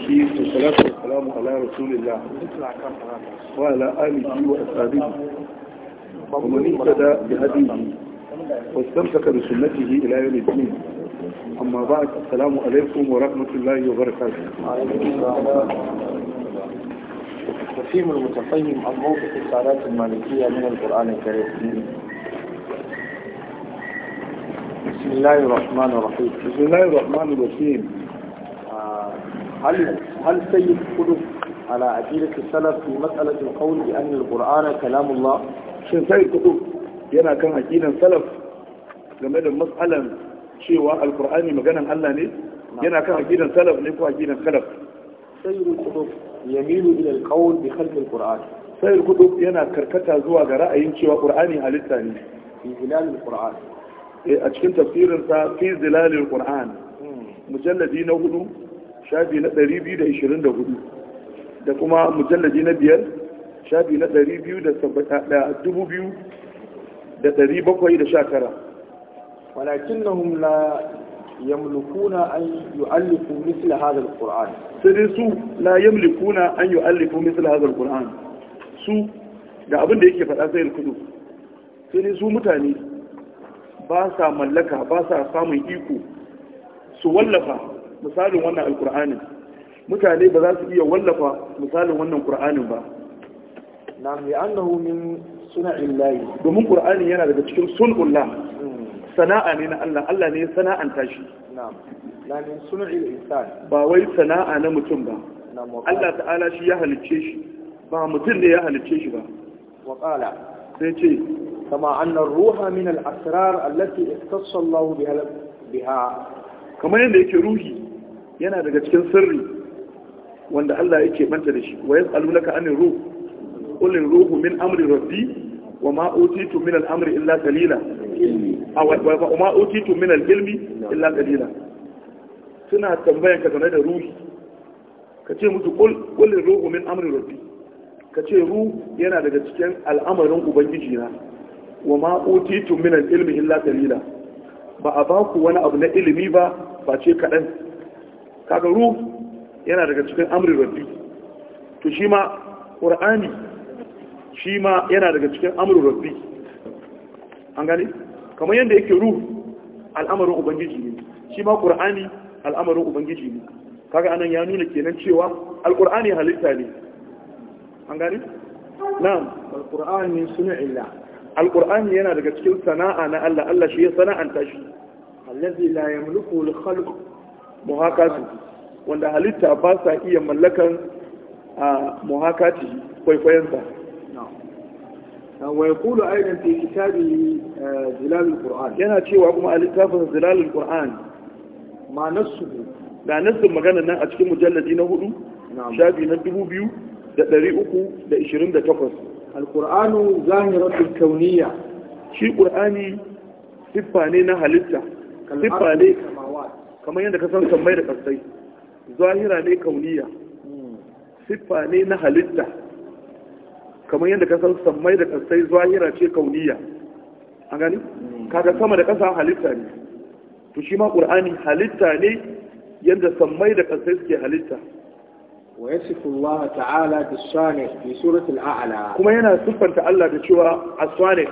الرحيم والصلاة والسلام على رسول الله وعلى آله وأصحابه ومن اهتدى بهديه واستمسك بسنته إلى يوم الدين أما بعد السلام عليكم ورحمة الله وبركاته التفهيم المتقيم عن موقف السعادات المالكية من القرآن الكريم بسم الله الرحمن الرحيم بسم الله الرحمن الرحيم هل هل سيد قدس على عقيدة السلف في مسألة القول بأن القرآن كلام الله شن سيد ينا كان عقيدة سلف game da matsalan cewa alkur'ani maganan Allah ne yana kan aqidan salaf ne ko aqidan khalaf sayyidul qutub yamilu ila alqawl bi khalq alquran sayyidul qutub yana karkata zuwa ga ra'ayin cewa qur'ani halitta ne fi zilal alquran a cikin tafsirin sa fi mujalladi na hudu shafi na 224 da kuma mujallaji na biyar shafi na 2719 walakinnahum la yamlikuna an yi yu'allifu misla hadha alquran sai dai su la yamlikuna an yi yu'allifu misla hadha alquran su da abin da yake faɗa sai alkudu sai dai su mutane ba sa mallaka ba sa samun iko su wallafa misalin wannan alkur'anin mutane ba za su iya wallafa misalin wannan qur'anin ba na mai annahu min suna illayi. domin qur'anin yana daga cikin sunullah hmm. sana'a ne na Allah Allah ne sana'anta shi na'am la min suna insan ba wai sana'a na mutum ba Allah ta'ala shi ya halicce shi ba mutum ne ya halicce shi ba wa sai ce kama annar ruha min al-asrar allati iktassa Allah biha kamar yadda yake ruhi yana daga cikin sirri wanda Allah yake manta da shi wa yas'alunaka anir ruh qul ruhu min amri rabbi wa ma utitu min al-amri illa qalila aw wa ma utitu min al-ilmi illa qalila suna tambayan ka game da ruhi ka ce mutu qul ruhu min amri rabbi ka ce ruhu yana daga cikin al'amarin ubangiji na wa ma utitu min al-ilmi illa qalila ba a baku wani abu na ilimi ba face kaɗan kaga ruh yana daga cikin amri rabbi to shi ma qur'ani shi ma yana daga cikin amri rabbi an gani? kamar yadda yake ruh al'amarin ubangiji ne shi ma qur'ani al'amarin ubangiji ne kaga anan ya nuna kenan cewa alqur'ani halitta ne an gane na'am alqur'ani min sun'illah alqur'ani yana daga cikin sana'a na Allah Allah shi ya sana'anta shi allazi la yamliku al-khalq muhakatu wanda halitta ba sa iya mallakan a muhakati kwaikwayensa wa yaqulu aidan fi kitabi eh, zilal alquran yana cewa kuma a littafin zilal alquran ma nasu da nasu magana nan a cikin mujalladi na hudu shafi na dubu biyu da ɗari uku da ishirin da takwas alquranu zahiratul kauniya. shi qur'ani siffa ne na halitta siffa ne kamar yadda ka san sammai da kasai zahira ne kauniya siffa ne na halitta kamar yadda ka san sammai da kasai zahira ce kauniya an gani hmm. kaga sama da kasa halitta ne to shi ma qur'ani halitta ne yadda sammai da kasai suke halitta wa yasifu ta'ala bi sani fi suratul a'la kuma yana siffanta Allah da cewa aswani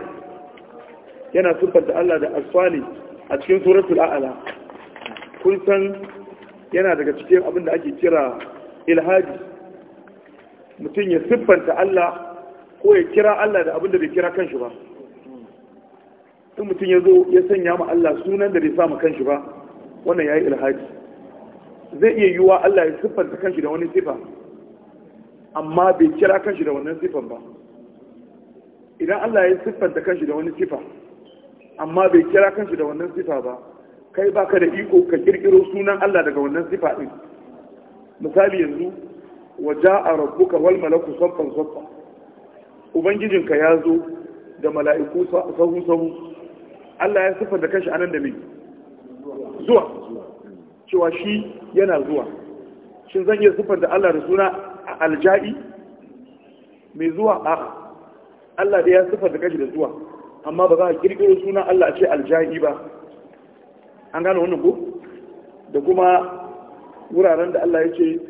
yana siffanta Allah da aswani a cikin suratul a'la kun san yana daga cikin abin da ake kira ilhadi mutum ya siffanta Allah ko ya kira Allah da abin da bai kira kanshi ba in mutum ya zo ya sanya ma Allah sunan da bai samu kanshi ba wannan ya yi ilhadi zai iya yiwuwa Allah ya siffanta kanshi da wani sifa amma bai kira kanshi da wannan sifan ba idan Allah ya siffanta kanshi da wani sifa amma bai kira kanshi da wannan sifa ba kai baka da iko ka kirkiro sunan Allah daga wannan sifa din misali yanzu wa ja'a rabbuka wal malaku saffan saffa ubangijinka ya zo da mala'iku sahu sahu Allah ya sifa da kashi anan da me zuwa cewa shi yana zuwa shin zan iya sifar da Allah da suna alja'i mai zuwa a Allah da ya sifar da kashi da zuwa amma ba za a kirkiro sunan Allah a ce alja'i ba an gano wani ko da kuma wuraren da Allah ya ce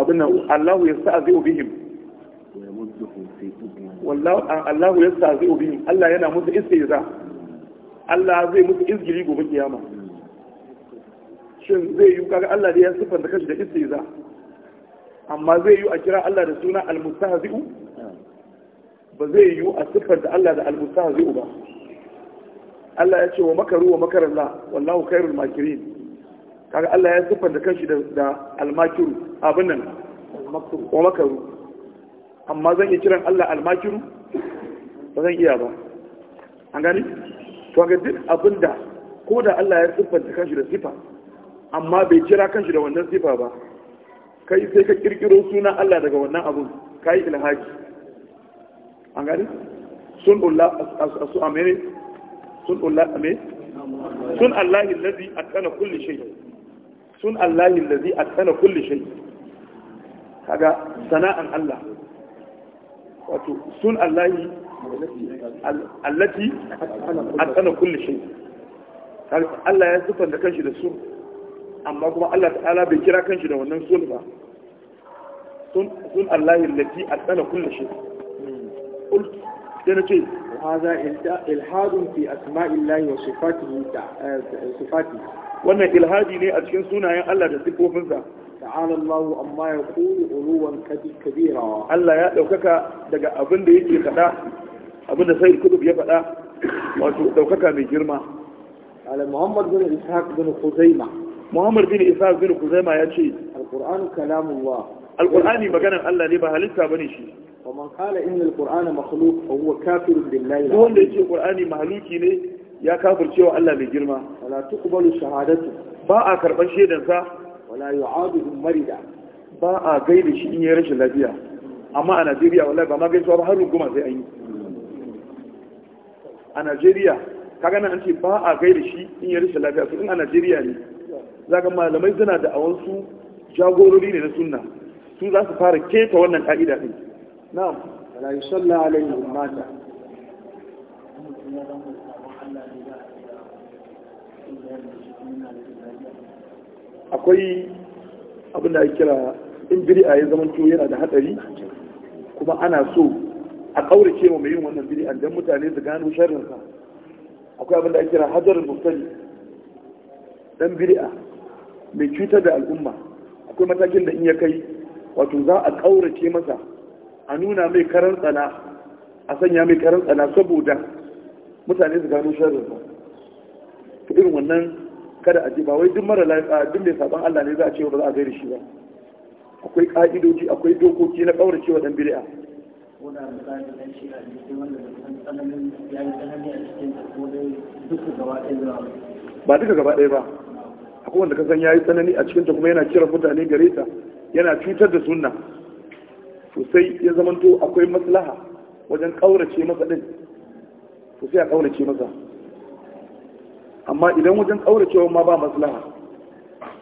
abin nan Allahu yasta'zi'u bihim wallahu Allahu yasta'zi'u bihim Allah yana musu istihza Allah zai musu izgiri gobe kiyama shin zai yi kaga Allah da ya siffanta kashi da istihza amma zai yi a kira Allah da suna al-mustahzi'u ba zai yi a siffanta Allah da al-mustahzi'u ba Allah ya ce wa makaru wa la wallahu khairul makirin kaga Allah ya siffar da kanshi da da almakiru abin nan wa makaru amma zan iya kiran Allah almakiru ba zan iya ba an gani to ga duk abinda ko da Allah ya siffar da kanshi da sifa amma bai kira kanshi da wannan sifa ba kai sai ka kirkiro suna Allah daga wannan abun kai ilhaji an gani sun ulla asu amene sun Allah me sun Allah allazi atqana kulli shay sun Allah allazi atqana kulli shay kaga sana'an Allah wato sun Allah allati atqana kulli shay kaga Allah ya zufa da kanshi da sun amma kuma Allah ta'ala bai kira kanshi da wannan sun ba sun Allah allazi atqana kulli shay qult sai na ce haza ilhadun fi asma'illahi wa sifatihi wannan ilhadi ne a cikin sunayen Allah da sifofinsa ta'ala Allah amma ya kulu uluwan kabira Allah ya daukaka daga abin da yake faɗa abin da sai ya faɗa wato daukaka mai girma ala Muhammad bin Ishaq bin Khuzaimah Muhammad bin Ishaq bin Khuzaimah ya ce al-Qur'an kalamullah al maganar Allah ne ba halitta bane shi ومن قال إن القرآن مخلوق فهو كافر بالله هو اللي يجي القرآن مهلوكي ne ya kafirce Allah mai girma wala tuqbalu shahadatu ba a karban shaidan sa wala yu'adu marida ba a gaida shi in yayin rashin lafiya amma a Najeriya wallahi ba ma gaisuwa har ruguma sai yi a Najeriya kaga nan an ce ba a gaida shi in yayin rashin lafiya su a Najeriya ne zaka malamai suna da awansu jagorori ne na sunna su za su fara keta wannan ka'ida din na'am wala yusalla alaihi mata akwai abin da kira in bid'a ya zama to yana da hadari kuma ana so a kaurace wa mai yin wannan bid'a dan mutane su gano sharrin akwai abin da ake kira hajarul muftali dan bid'a mai cutar da al'umma akwai matakin da in ya kai wato za a kaurace masa a nuna mai karan tsana a sanya mai karan tsana saboda mutane su gano shirin ba ta irin wannan kada a ji ba wai duk mara lafiya duk mai saban Allah ne za a ce ba za a gairi shi ba akwai ka'idoji akwai dokoki na kaurace cewa dan bid'a ba duka gaba ɗaya ba akwai wanda kasan ya yi tsanani a cikinta kuma yana kira mutane gare ta yana cutar da sunna to sai ya zamanto akwai maslaha wajen ƙaurace masa ɗin to sai a ƙaurace masa amma idan wajen ƙauracewa ma ba maslaha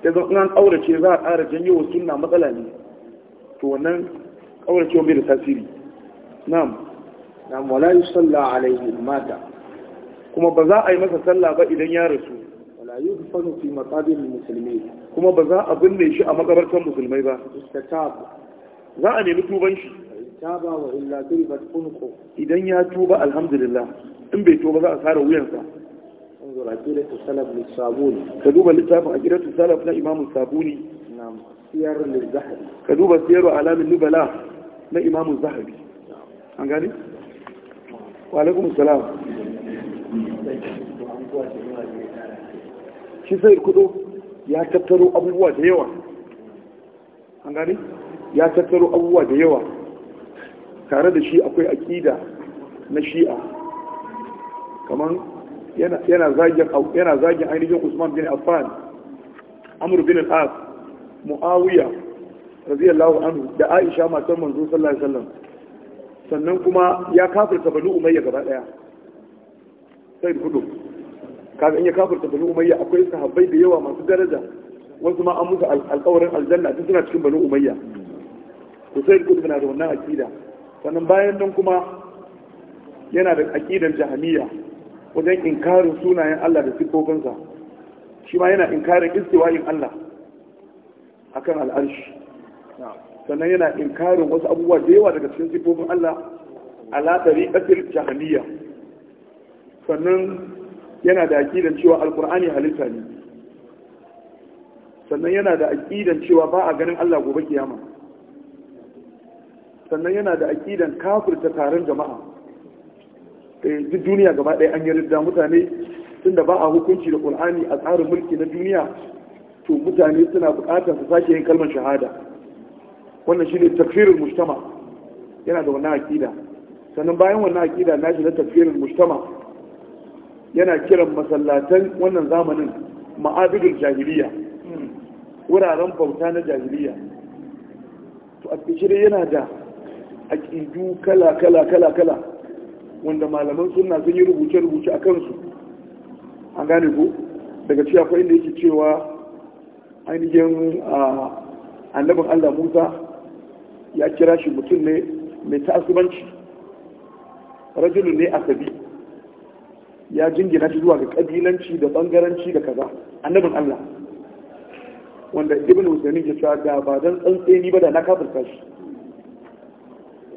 ya zama in an ƙaurace za a ƙara janyo wa sunna matsala ne to wannan kaurace wa da tasiri na'am na'am wala yusalla alaihi mata kuma ba za a yi masa sallah ba idan ya rasu wala yi fi maqabir musulmi kuma ba za a binne shi a makabartar musulmai ba za a nemi tuban shi idan ya tuba alhamdulillah in bai tuba za a sare wuyansa ka duba littafin a gidan tusalaf na imamu sabuni ka duba siyarwa alamin nubala na imamun zahabi an gani? walaikun salam shi sai kudu ya tattaro abubuwa da yawa an gani? ya tattaro abubuwa da yawa tare da shi akwai aƙida na shi'a kamar yana zagin ainihin usman bin affan amur bin al'as mu'awiya radiyallahu anhu da aisha matan manzo sallallahu alaihi wasallam sannan kuma ya kafirta bani umayya gaba daya sai kudu kaga in ya kafirta bani umayya akwai sahabbai da yawa masu daraja wasu ma an musu alƙawarin aljanna duk suna cikin bani umayya Hussein Kudu na da wannan akida sannan bayan nan kuma yana da akidan jahamiya wajen inkarin sunayen Allah da siffofinsa shi ma yana inkarin istiwa'in Allah akan al'arshi sannan yana inkarin wasu abubuwa da yawa daga cikin siffofin Allah ala tariqatil jahamiya sannan yana da akidan cewa alqur'ani halitta ne sannan yana da akidan cewa ba a ganin Allah gobe kiyama sannan yana da aƙidan kafirta taron jama'a eh, duk duniya gaba ɗaya an yarda mutane tun da ba a hukunci da ƙul'ani a tsarin mulki na duniya to mutane suna buƙatar su sake yin kalmar shahada wannan shi ne tafirin mushtama. yana da wannan aƙida sannan bayan wannan aƙida na shi na tafirin mushtama, yana kiran masallatan wannan zamanin ma'adudin jahiliya wuraren bauta na jahiliya to a yana da aƙidu kala kala kala kala wanda malaman suna sun yi rubuce rubuce a kansu an gane ku daga cewa akwai inda yake cewa ainihin annabin allah musa ya kira shi mutum ne mai tasubanci rajulun ne asabi ya jingina shi zuwa ga kabilanci da bangaranci da kaza annabin allah wanda ibn husaini ya cewa ga ba dan tsantseni ba da na kafirta shi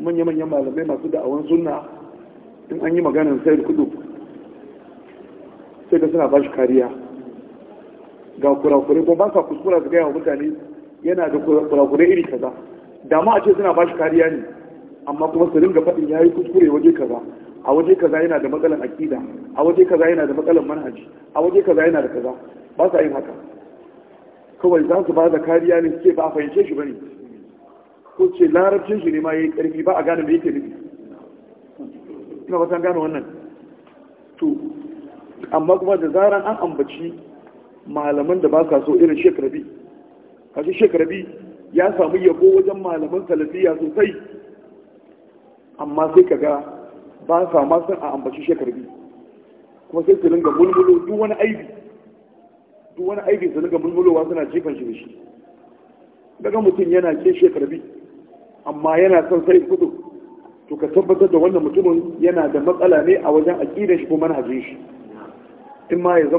manya-manyan malamai masu da'awan sunna in an yi maganin sayar kudu sai da suna ba shi kariya ga kurakure. ko ba sa kuskura su gaya wa mutane yana da kurakure iri kaza da ma a ce suna ba shi kariya ne amma kuma su ringa faɗin ya yi kuskure waje kaza a waje kaza yana da matsalan akida a waje kaza yana da matsalan manhaji a waje kaza yana da kaza ba sa yin haka kawai za su ba da kariya ne suke ba a fahimce shi ba ne ko ce larabcin shi ne ma yayi karfi ba a gane me yake nufi ina ba san gane wannan to amma kuma da zaran an ambaci malaman da ba sa so irin Sheikh Rabi kashi Sheikh Rabi ya samu yabo wajen malaman salafiya sosai amma sai kaga ba sa ma san a ambaci Sheikh Rabi kuma sai su ringa bulbulo duk wani aibi duk wani aibi su ringa bulbulowa suna jifan shi da shi daga mutum yana ke Sheikh Rabi amma yana son sai kudu to ka tabbatar da wannan mutumin yana da matsala ne a wajen aqidar shi ko manhajin shi in ma ya to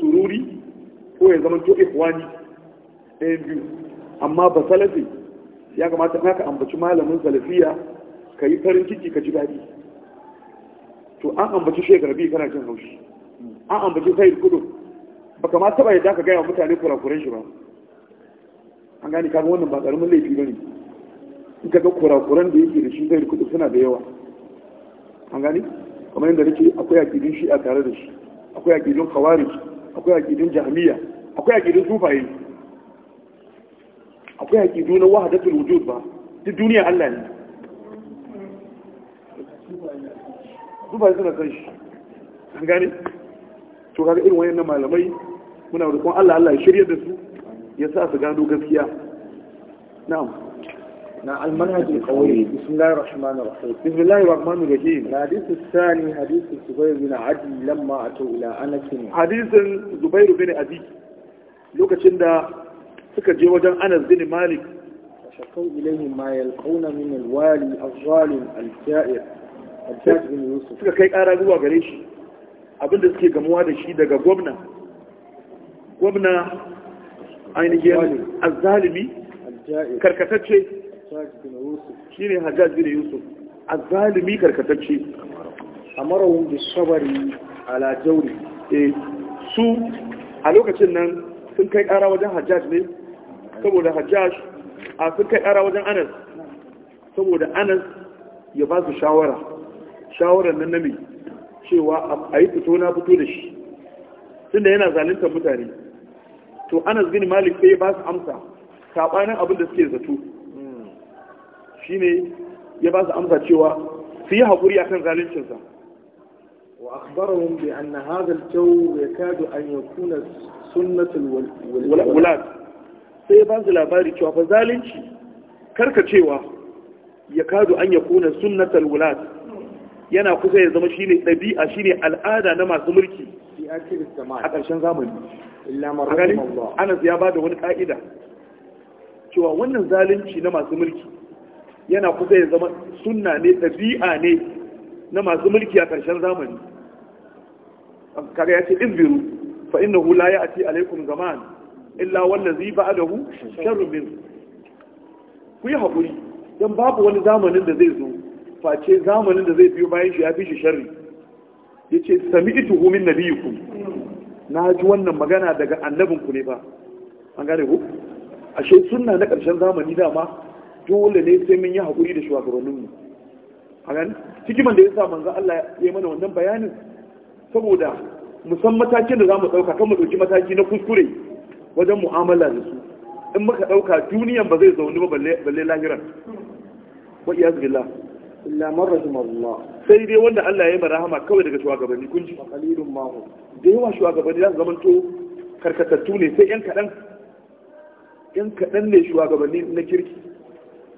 sururi ko ya zamanto ikhwani ɗayan biyu amma ba salafi ya kamata ka ambaci malamin salafiya ka yi farin ciki ka ji daɗi to an ambaci shekar biyu kana jin haushi an ambaci sayar kudu ba kamata taɓa yadda ka gaya wa mutane kurakuren shi ba an gani kaga wannan ba ƙaramin laifi ba ne suka ga kurakuran da yake da shi zai kudu suna da yawa an gani kamar yadda nake akwai akidin shi a tare da shi akwai akidin khawarij akwai akidin jahmiya akwai akidin sufaye akwai akidu na wahadatul wujud ba duk duniya Allah ne sufaye suna san shi an gani to kaga irin wayannan malamai muna roƙon Allah Allah ya shirya da su ya sa su gano gaskiya na'am na المنهج القوي بسم الله الرحمن الرحيم بسم الله الرحمن الرحيم الحديث الثاني حديث الزبير بن عدي لما أتوا إلى أنس حديث الزبير بن عدي suka je wajen Anas bin Malik shakau ilayhi ma yalqawna min alwali azzalim aljair Hajjaj bin Yusuf suka kai kara zuwa gare shi abinda suke gamuwa da shi daga gwamna gwamna ainihin azzalimi karkatacce shi ne hajjaj bin yusuf a zalimi karkatacce a marawun da shabari ala jauri eh, su a lokacin nan sun kai ƙara wajen hajjaj ne saboda hajjaj a sun kai ƙara wajen anas saboda anas ya ba su shawara shawarar nan nami cewa a yi fito na fito da shi tunda yana zaluntar mutane to anas gini malik sai ya ba su amsa saɓanin abin da suke zato shine ya ba su amsa cewa su yi haƙuri akan zaluncinsa وأخبرهم kyau ya kado an yi kuna سنة wulat? sai ba su labari cewa fa zalunci karkacewa ya kado an yi kuna sunnatal wulat? yana kusa ya zama shine dabi'a shine al'ada na masu mulki a ƙarshen zamani ana anas ya da wani ƙa'ida. cewa wannan zalunci na masu mulki yana kusa ya zama sunna ne ɗabi'a ne na masu mulki a ƙarshen zamani kaga ya ce izbiru fa hu la ati alaikum zaman illa wallazi ba'dahu sharrun min ku yi hakuri dan babu wani zamanin da zai zo face zamanin da zai biyo bayan shi ya fi shi sharri yace sami'tuhu min nabiyikum na ji wannan magana daga annabinku ne ba an gane ku ashe sunna na ƙarshen zamani dama dole ne sai mun yi haƙuri da shugabanninmu a gani hikiman da ya sa manzan Allah ya mana wannan bayanin saboda musamman matakin da za mu ɗauka kan mu ɗauki mataki na kuskure wajen mu'amala da su in muka ɗauka duniyan ba zai zaune ba balle lahiran wa iyaz billah illa man rahimallah sai dai wanda Allah ya yi rahama kawai daga shugabanni kun ji qalilun ma da yawa shugabanni za su to karkatattu ne sai yan kaɗan yan kaɗan ne shugabanni na kirki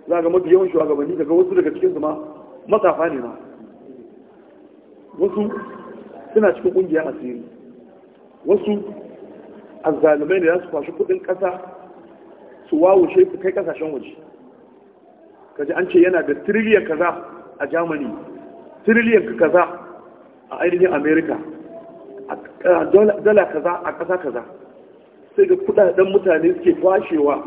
za ga mafi yawan shugabanni daga wasu daga cikin zama matafa matsafa ne ma wasu suna cikin ƙungiyar asiri wasu azzalumai ne za su kwashi kudin kasa su wawushe su kai kasashen waje kaji an ce yana da tiriliyan kaza a germany tiriliyan kaza a ainihin america dala kaza a kasa kaza sai ga kudaden mutane suke fashewa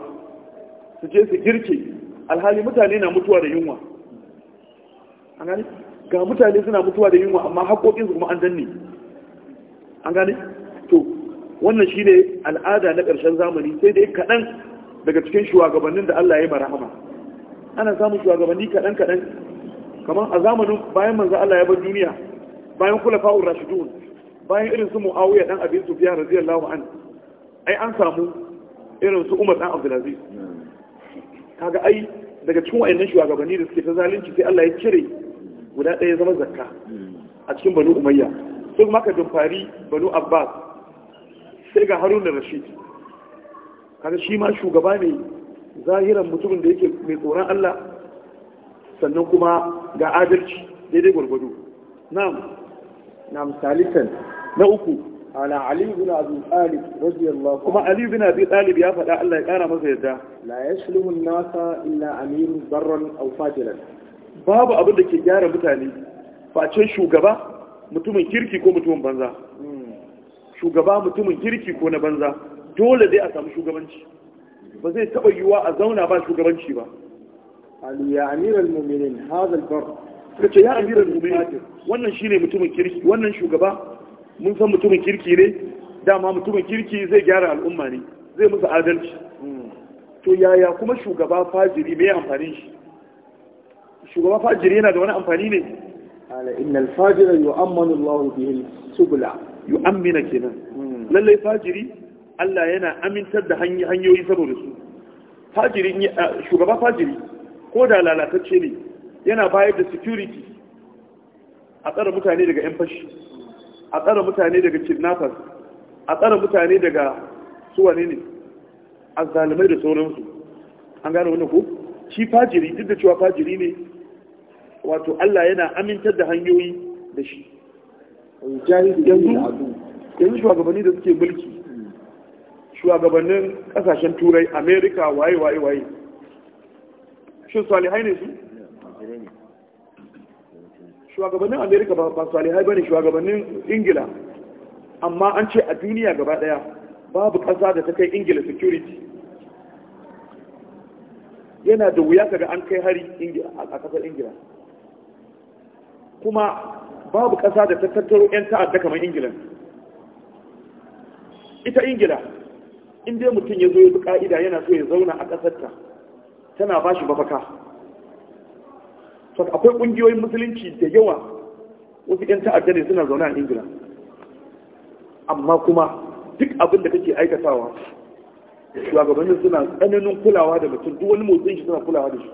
su je su girke alhali mutane na mutuwa da yunwa an gani ga mutane suna mutuwa da yunwa amma su kuma an danne an gani to wannan shi ne al'ada na ƙarshen zamani sai dai kaɗan daga cikin shugabannin da Allah ya yi marahama ana samun shugabanni kaɗan-kaɗan kamar a zamanin bayan manzan Allah ya bar duniya bayan kula fa'ur rashidun bayan irin su mu'awiyar ɗan abin su fiya raziyar lawa an ai an samu irin su umar ɗan abdulaziz kaga ai daga cikin wa'annan shugabanni da suke ta zalunci sai Allah ya cire guda ɗaya zama zakka a cikin banu umayya sai kuma ka dumfari banu abbas sai ga harun da rashid kaga shi ma shugaba ne zahiran mutumin da yake mai tsoron Allah sannan kuma ga adalci daidai gwargwado Na na'am salisan na uku على علي بن أبي طالب رضي الله عنه كما علي بن أبي طالب يا فتاة الله يقارى ما سيدا لا يسلم الناس إلا أمير برا أو فاجرا باب أبو لك جارة متاني فأتشي شو قبا متومن كيركي كو متومن بنزا شو قبا متومن كيركي كو نبنزا dole dai a samu shugabanci ba zai taɓa yiwuwa a zauna ba shugabanci ba alu ya amiral muminin hazal bar kace ya amiral muminin wannan shine mutumin kirki wannan shugaba mun san mutumin kirki ne dama mutumin kirki zai gyara al'umma ne zai musu adalci to yaya kuma shugaba fajiri mai amfani shi shugaba fajiri yana da wani amfani ne ala innal fajira yu'ammanu Allahu bihi subula yu'ammina kenan lalle fajiri Allah yana amintar da hanyoyi saboda su fajiri shugaba fajiri ko da lalatacce ne yana bayar da security a tsara mutane daga 'yan fashi a tsara mutane daga kidnappers a tsara mutane daga suwane ne a zalimai da sauransu an gane wani ku? shi fajiri duk da cewa fajiri ne wato Allah yana amintar da hanyoyi da shi yanzu yanzu shugabanni da suke mulki shugabannin kasashen turai amerika waye waye waye shi salihai ne su shugabannin amerika ba salihai ba ne shugabannin ingila amma an ce a duniya gaba daya babu ƙasa da ta kai ingila security yana da wuya kaga an kai hari a ƙasar ingila kuma babu ƙasa da ta tattaro 'yan ta'adda kamar ingila ita ingila inda mutum ya zo ya bi ƙa'ida yana so ya zauna a ƙasarta tana ba shi mafaka so akwai kungiyoyin musulunci da yawa wasu yan ta'adda ne suna zaune a ingila amma kuma duk abin da kake aikatawa shugabannin suna tsananin kulawa da mutum duk wani motsin shi suna kulawa da shi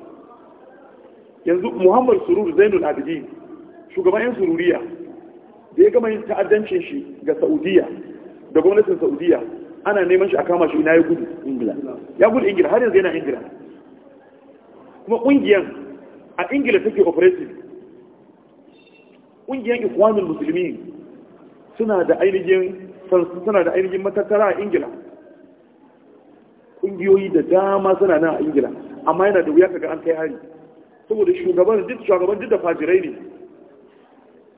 yanzu muhammad sururu zainul abidin shugaban yan sururiya da ya gama yin ta'addancin shi ga saudiya da gwamnatin saudiya ana neman shi a kama shi na ya gudu ingila ya gudu ingila har yanzu yana ingila kuma kungiyan a ingila take operating ƙungiyar ikwanin musulmi suna da ainihin suna da ainihin matattara a ingila ƙungiyoyi da dama suna nan a ingila amma yana da wuya kaga an kai hari saboda shugaban duk shugaban duk da fajirai ne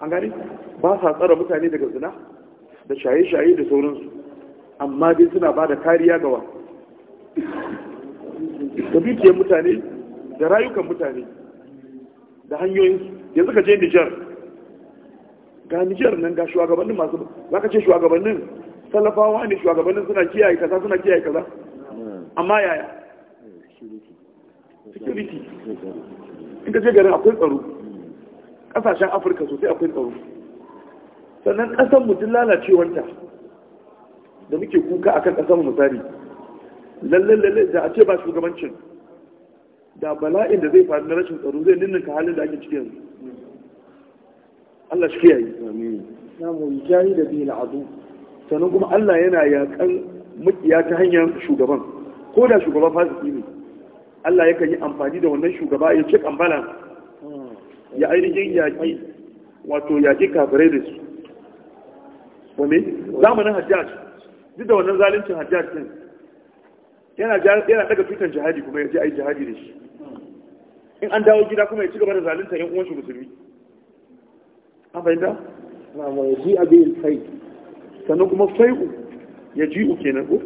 an gani ba sa tsara mutane daga zina da shaye-shaye da sauransu amma dai suna ba da kariya ga wa da bikiyar mutane da rayukan mutane da hanyoyin yanzu ka je Nijar ga Nijar nan ga shugabannin masu za ka ce shugabannin salafawa ne shugabannin suna kiyaye kaza suna kiyaye kaza amma yaya security in ka je garin akwai tsaro kasashen afirka sosai akwai tsaro sannan ƙasar mutum lalacewanta da muke kuka akan ƙasar misali lalle lalle da a ce ba shugabancin da bala'in da zai faru na rashin tsaro zai ninninka halin da ake cikin yanzu Allah shi kiyaye amin namu yayi da bil adu sannan kuma Allah yana yakan mukiya ta hanyar shugaban ko da shugaban fasiki ne Allah yakan yi amfani da wannan shugaba ya ce kambala ya ainihin yaƙi wato yaƙi kafirai da su wane zamanin hajjaj duk da wannan zaluncin hajjaj din yana daga fitan jihadi kuma ya a ai jihadi da shi in an dawo gida kuma ya ci gaba da zalunta yan uwan shi musulmi an fahimta na wa yaji abi fai sannan kuma fai'u ya ji ji'u kenan ko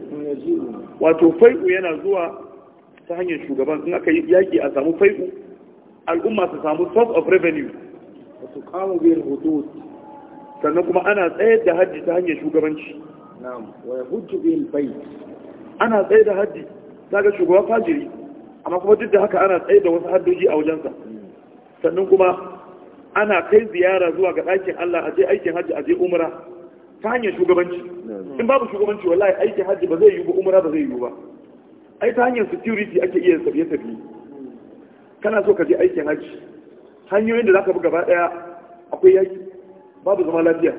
wato fai'u yana zuwa ta hanyar shugaban in aka yi yaki a samu fai'u al'umma su samu source of revenue wato kawo biyan hudud sannan kuma ana tsayar da hajji ta hanyar shugabanci na'am wa yahujju bil bayt ana tsayar da hajji kaga shugaba fajiri amma kuma duk da haka ana tsaye da wasu haddoji a wajensa sannan kuma ana kai ziyara zuwa ga ɗakin Allah a je aikin hajji a je umra ta hanyar shugabanci in babu shugabanci wallahi aikin hajji ba zai yi ba umra ba zai yi ba ai ta hanyar security ake iya tafiye tafiye kana so ka je aikin hajji hanyoyin da zaka bi gaba daya akwai yaki babu zama lafiya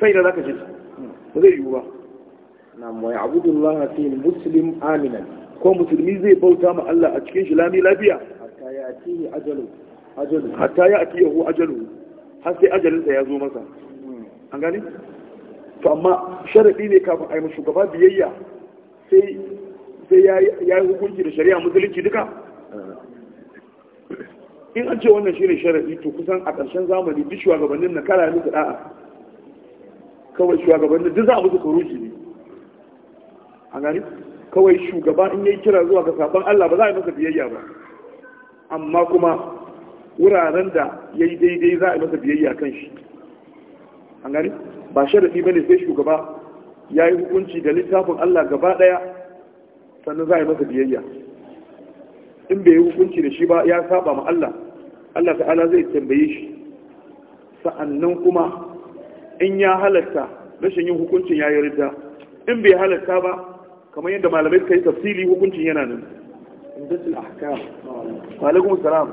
sai da zaka je ba zai yi ba na mai abudullahi fi muslim aminan ko musulmi zai bauta ma Allah a cikin shi lami lafiya hatta ya atihi ajalu ajalu hatta ya atihi har sai ajalinsa ya zo masa hmm. an gani to amma sharadi ne kafin a yi shugaba biyayya sai sai ya yi hukunci da shari'a musulunci duka in an ce wannan shine sharadi to kusan a ƙarshen zamani duk shugabannin na kara musu da'a kawai shugabannin duk za a musu kuruci ne an gani kawai shugaba in yi kira zuwa ga sabon Allah ba za a yi masa biyayya ba amma kuma wuraren da ya yi daidai za a yi masa biyayya kan shi an gani ba ba ne sai shugaba ya yi hukunci da littafin Allah gaba ɗaya sannan za a yi masa biyayya in bai yi hukunci da shi ba ya saba ma Allah Allah ta'ala zai tambaye shi sa'annan kuma in ya halatta rashin yin hukuncin ya yi rita in bai halatta ba kamar yadda malamai suka yi tafsiri hukuncin yana nan indatul wa salam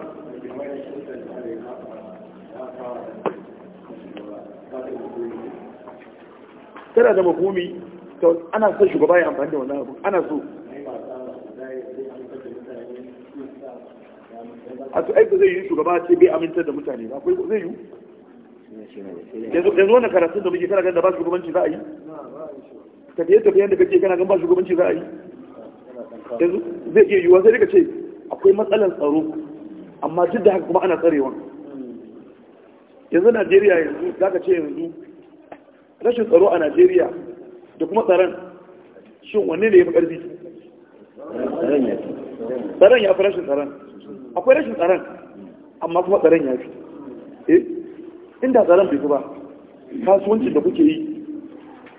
tana da mafumi to ana son shugaba ya amfani da wannan abu ana so a to aiki zai yi shugaba ce bai aminta da mutane ba akwai zai yi yanzu wannan karatun da muke kana ganin da ba shugabanci za a yi tafiye tafiyen da kake kana gan ba shugabanci za a yi yanzu zai iya yiwuwa sai daga ce akwai matsalar tsaro amma duk da haka kuma ana tsarewa yanzu najeriya yanzu za ka ce yanzu rashin tsaro a najeriya da kuma tsaron shin wanne ne ya fi ƙarfi tsaron ya fi rashin tsaron akwai rashin tsaron amma kuma tsaron ya fi eh inda tsaron bai fi ba kasuwancin da kuke yi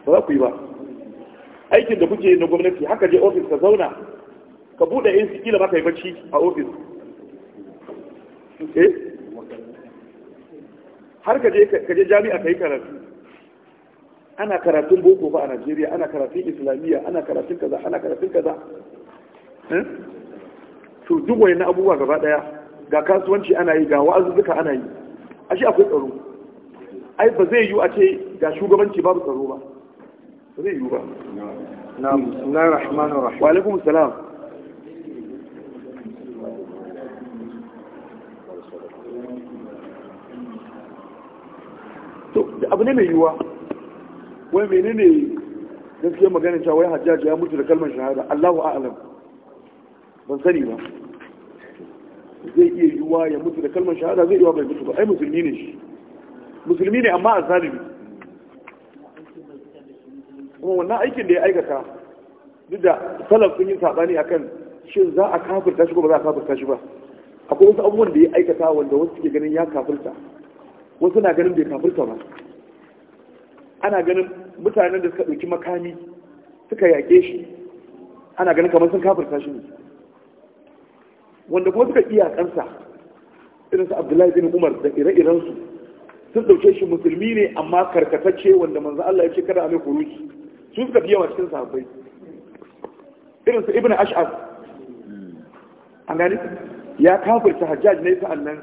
ba za ku yi ba aikin da kuke na gwamnati haka je ofis ka zauna ka bude yin su kila maka yi bacci a ofis eh? har ka je jami'a ka yi karatu ana karatun boko ba a najeriya ana karatun islamiyya ana karatun kaza ana karatun kaza eh? to duk wani abubuwa gaba daya ga kasuwanci ana yi ga wa'azuzzuka ana yi ashe akwai tsaro ai ba zai yiwu a ce ga shugabanci babu tsaro ba zai yiwu ba na bismillahir rahmanir rahim wa alaikum salam to abu ne mai yiwuwa wai menene gaskiyar maganin cewa wai hajjaji ya mutu da kalmar shahada Allahu a'lam ban sani ba zai iya yiwuwa ya mutu da kalmar shahada zai iya bai mutu ba ai musulmi ne shi musulmi ne amma a zalimi kuma wannan aikin da ya aikata duk da salaf sun yi saɓani akan shin za a kafirta shi ko ba za a kafirta shi ba akwai wasu abubuwan da ya aikata wanda wasu suke ganin ya kafirta wasu na ganin bai kafirta ba ana ganin mutanen da suka ɗauki makami suka yaƙe shi ana ganin kamar sun kafirta shi ne wanda kuma suka iyakansa irinsu abdullahi bin umar da ire-irensu sun ɗauke shi musulmi ne amma karkatacce wanda manzo Allah ya ce kada a mai kuruci su suka fi yawa cikin sahabbai irin su ibn ash'ab an gani ya kafirta hajjaj ne sa'an nan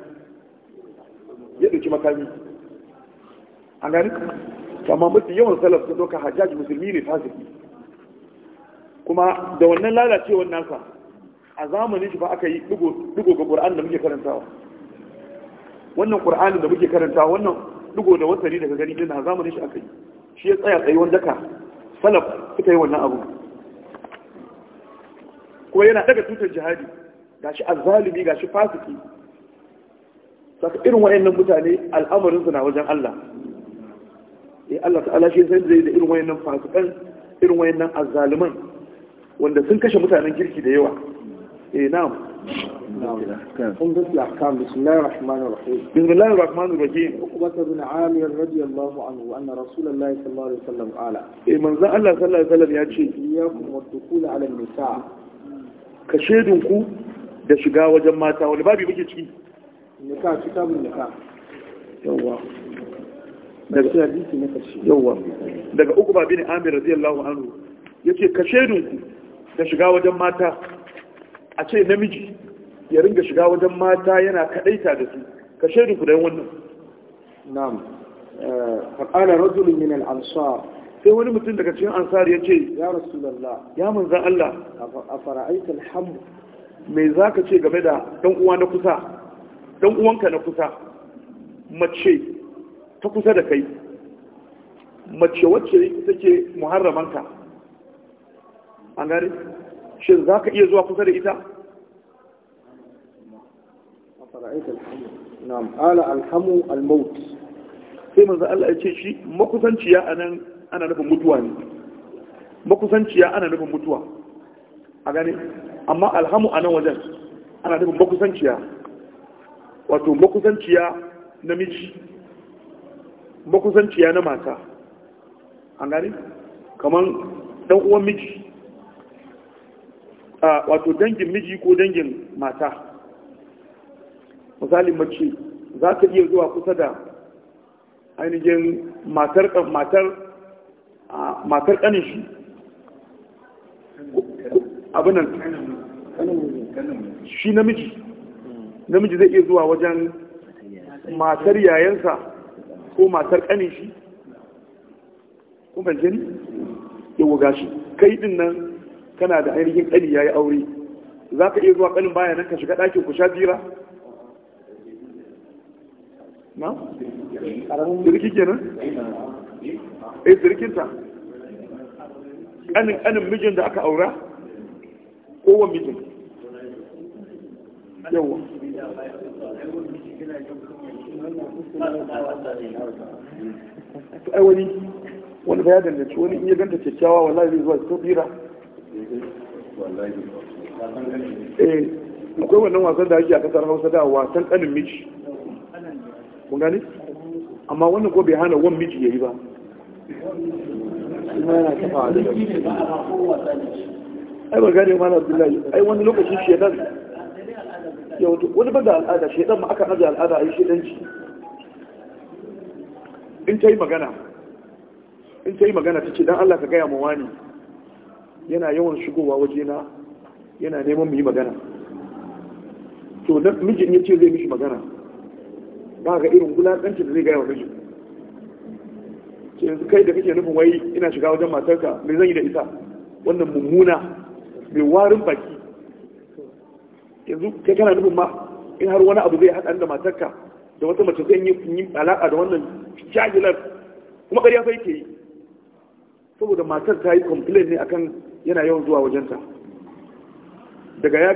ya ɗauki makami an gani kama mafi yawan salaf sun doka hajjaj musulmi ne fasiki kuma da wannan lalacewar nasa a zamanin shi ba aka yi dugo ga ƙur'an da muke karantawa wannan ƙur'anin da muke karantawa wannan dugo da wasari daga gani na zamanin shi aka yi shi ya tsaya tsayuwar ka salaf suka yi wannan abu kuma yana daga tutar jihadi gashi azzalimi shi fasiki saka irin wayannan mutane al'amarin su na wajen Allah eh Allah ta'ala shi sai zai da irin wayannan fasikan irin wayannan azzaliman wanda sun kashe mutanen kirki da yawa eh na'am انظر الأحكام بسم الله الرحمن الرحيم بسم الله الرحمن الرحيم عقبة بن عامر رضي الله عنه أن رسول الله صلى الله عليه وسلم قال إيه من ذا الله صلى الله عليه وسلم يأتي إياكم والدخول على النساء كشيدنكو da shiga wajen mata wani babi muke ciki nika kitabun nika yawwa daga hadisi na kashi yawwa daga uku babi ne amir radiyallahu anhu yace ka shedunku da shiga wajen mata a ce namiji ya ringa shiga wajen mata yana kadaita da su ka shaidu ku da wannan na'am eh, faqala rajul min al-ansar sai wani mutum daga cikin ansar ya ce ya rasulullah ya manzan Allah a al alhamdu me za ce game da dan uwa na kusa dan uwanka na kusa mace ta kusa da kai mace wacce take muharramanka an gari shin zaka iya zuwa kusa da ita فرأيت نعم قال الحمو الموت sai manzo Allah ya ce shi makusanciya anan ana nufin mutuwa ne makusanciya ana nufin mutuwa a gani amma alhamu anan wajen ana nufin makusanciya wato makusanciya na miji makusanciya na mata an gani kamar dan uwan miji wato dangin miji ko dangin mata misalin mace za ta iya zuwa kusa da ainihin matar matar matar kanin shi abinan shi namiji namiji zai iya zuwa wajen matar yayansa ko matar ƙanin shi kuma jini waga shi kai din nan kana da ainihin kani yi aure za ka iya zuwa kanin bayanan ka shiga ɗakin ku sha jira na? sirki kenan? eh sirkinta ƙanin mijin da aka aura kowa mijin yawa ai wani wani baya danganci wani in ya ganta kyakkyawa wallahi zai zuwa ta tsira eh akwai wannan wasan da ake a kasar hausa da wasan ƙanin miji kun gani amma wannan ko bai hana wan miji yayi ba ai ba gane mana abdullahi ai wani lokacin shedan ya wato wani ba da al'ada shedan ma aka ajiye al'ada a yi shedanci in ta yi magana in ta yi magana ta ce don Allah ka gaya mawa ne yana yawan shigowa wajena yana neman mu yi magana to miji mijin ya ce zai mishi magana ba ga irin wulaƙancin da zai gaya wa mijin yanzu kai da kake nufin wai ina shiga wajen matarka mai zan yi da ita wannan mummuna mai warin baki yanzu kai kana nufin ma in har wani abu zai haɗa da matarka da wata mace zai yi alaƙa da wannan jahilar kuma ƙarya sai ke yi saboda matar ta yi complain ne akan yana yawan zuwa wajenta daga ya